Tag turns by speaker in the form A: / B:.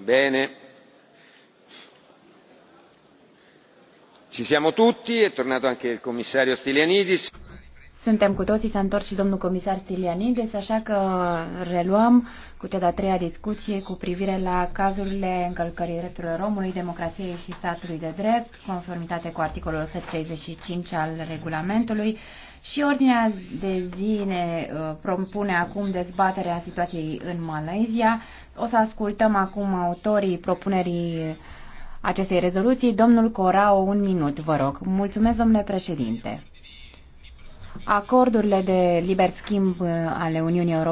A: Bene.
B: Ci siamo tutti, è tornato anche il commissario Stylianidis.
C: Suntem cu toții, s-a întors
D: și domnul comisar Stilianides, așa că reluăm cu cea de-a treia discuție cu privire la cazurile încălcării drepturilor omului, democrației și statului de drept, conformitate cu articolul 135 al regulamentului. Și ordinea de zi ne uh, propune acum dezbaterea situației în Malaysia. O să ascultăm acum autorii propunerii acestei rezoluții. Domnul Corao, un
E: minut, vă rog. Mulțumesc, domnule președinte.
F: Acordurile de liber schimb ale Uniunii Europene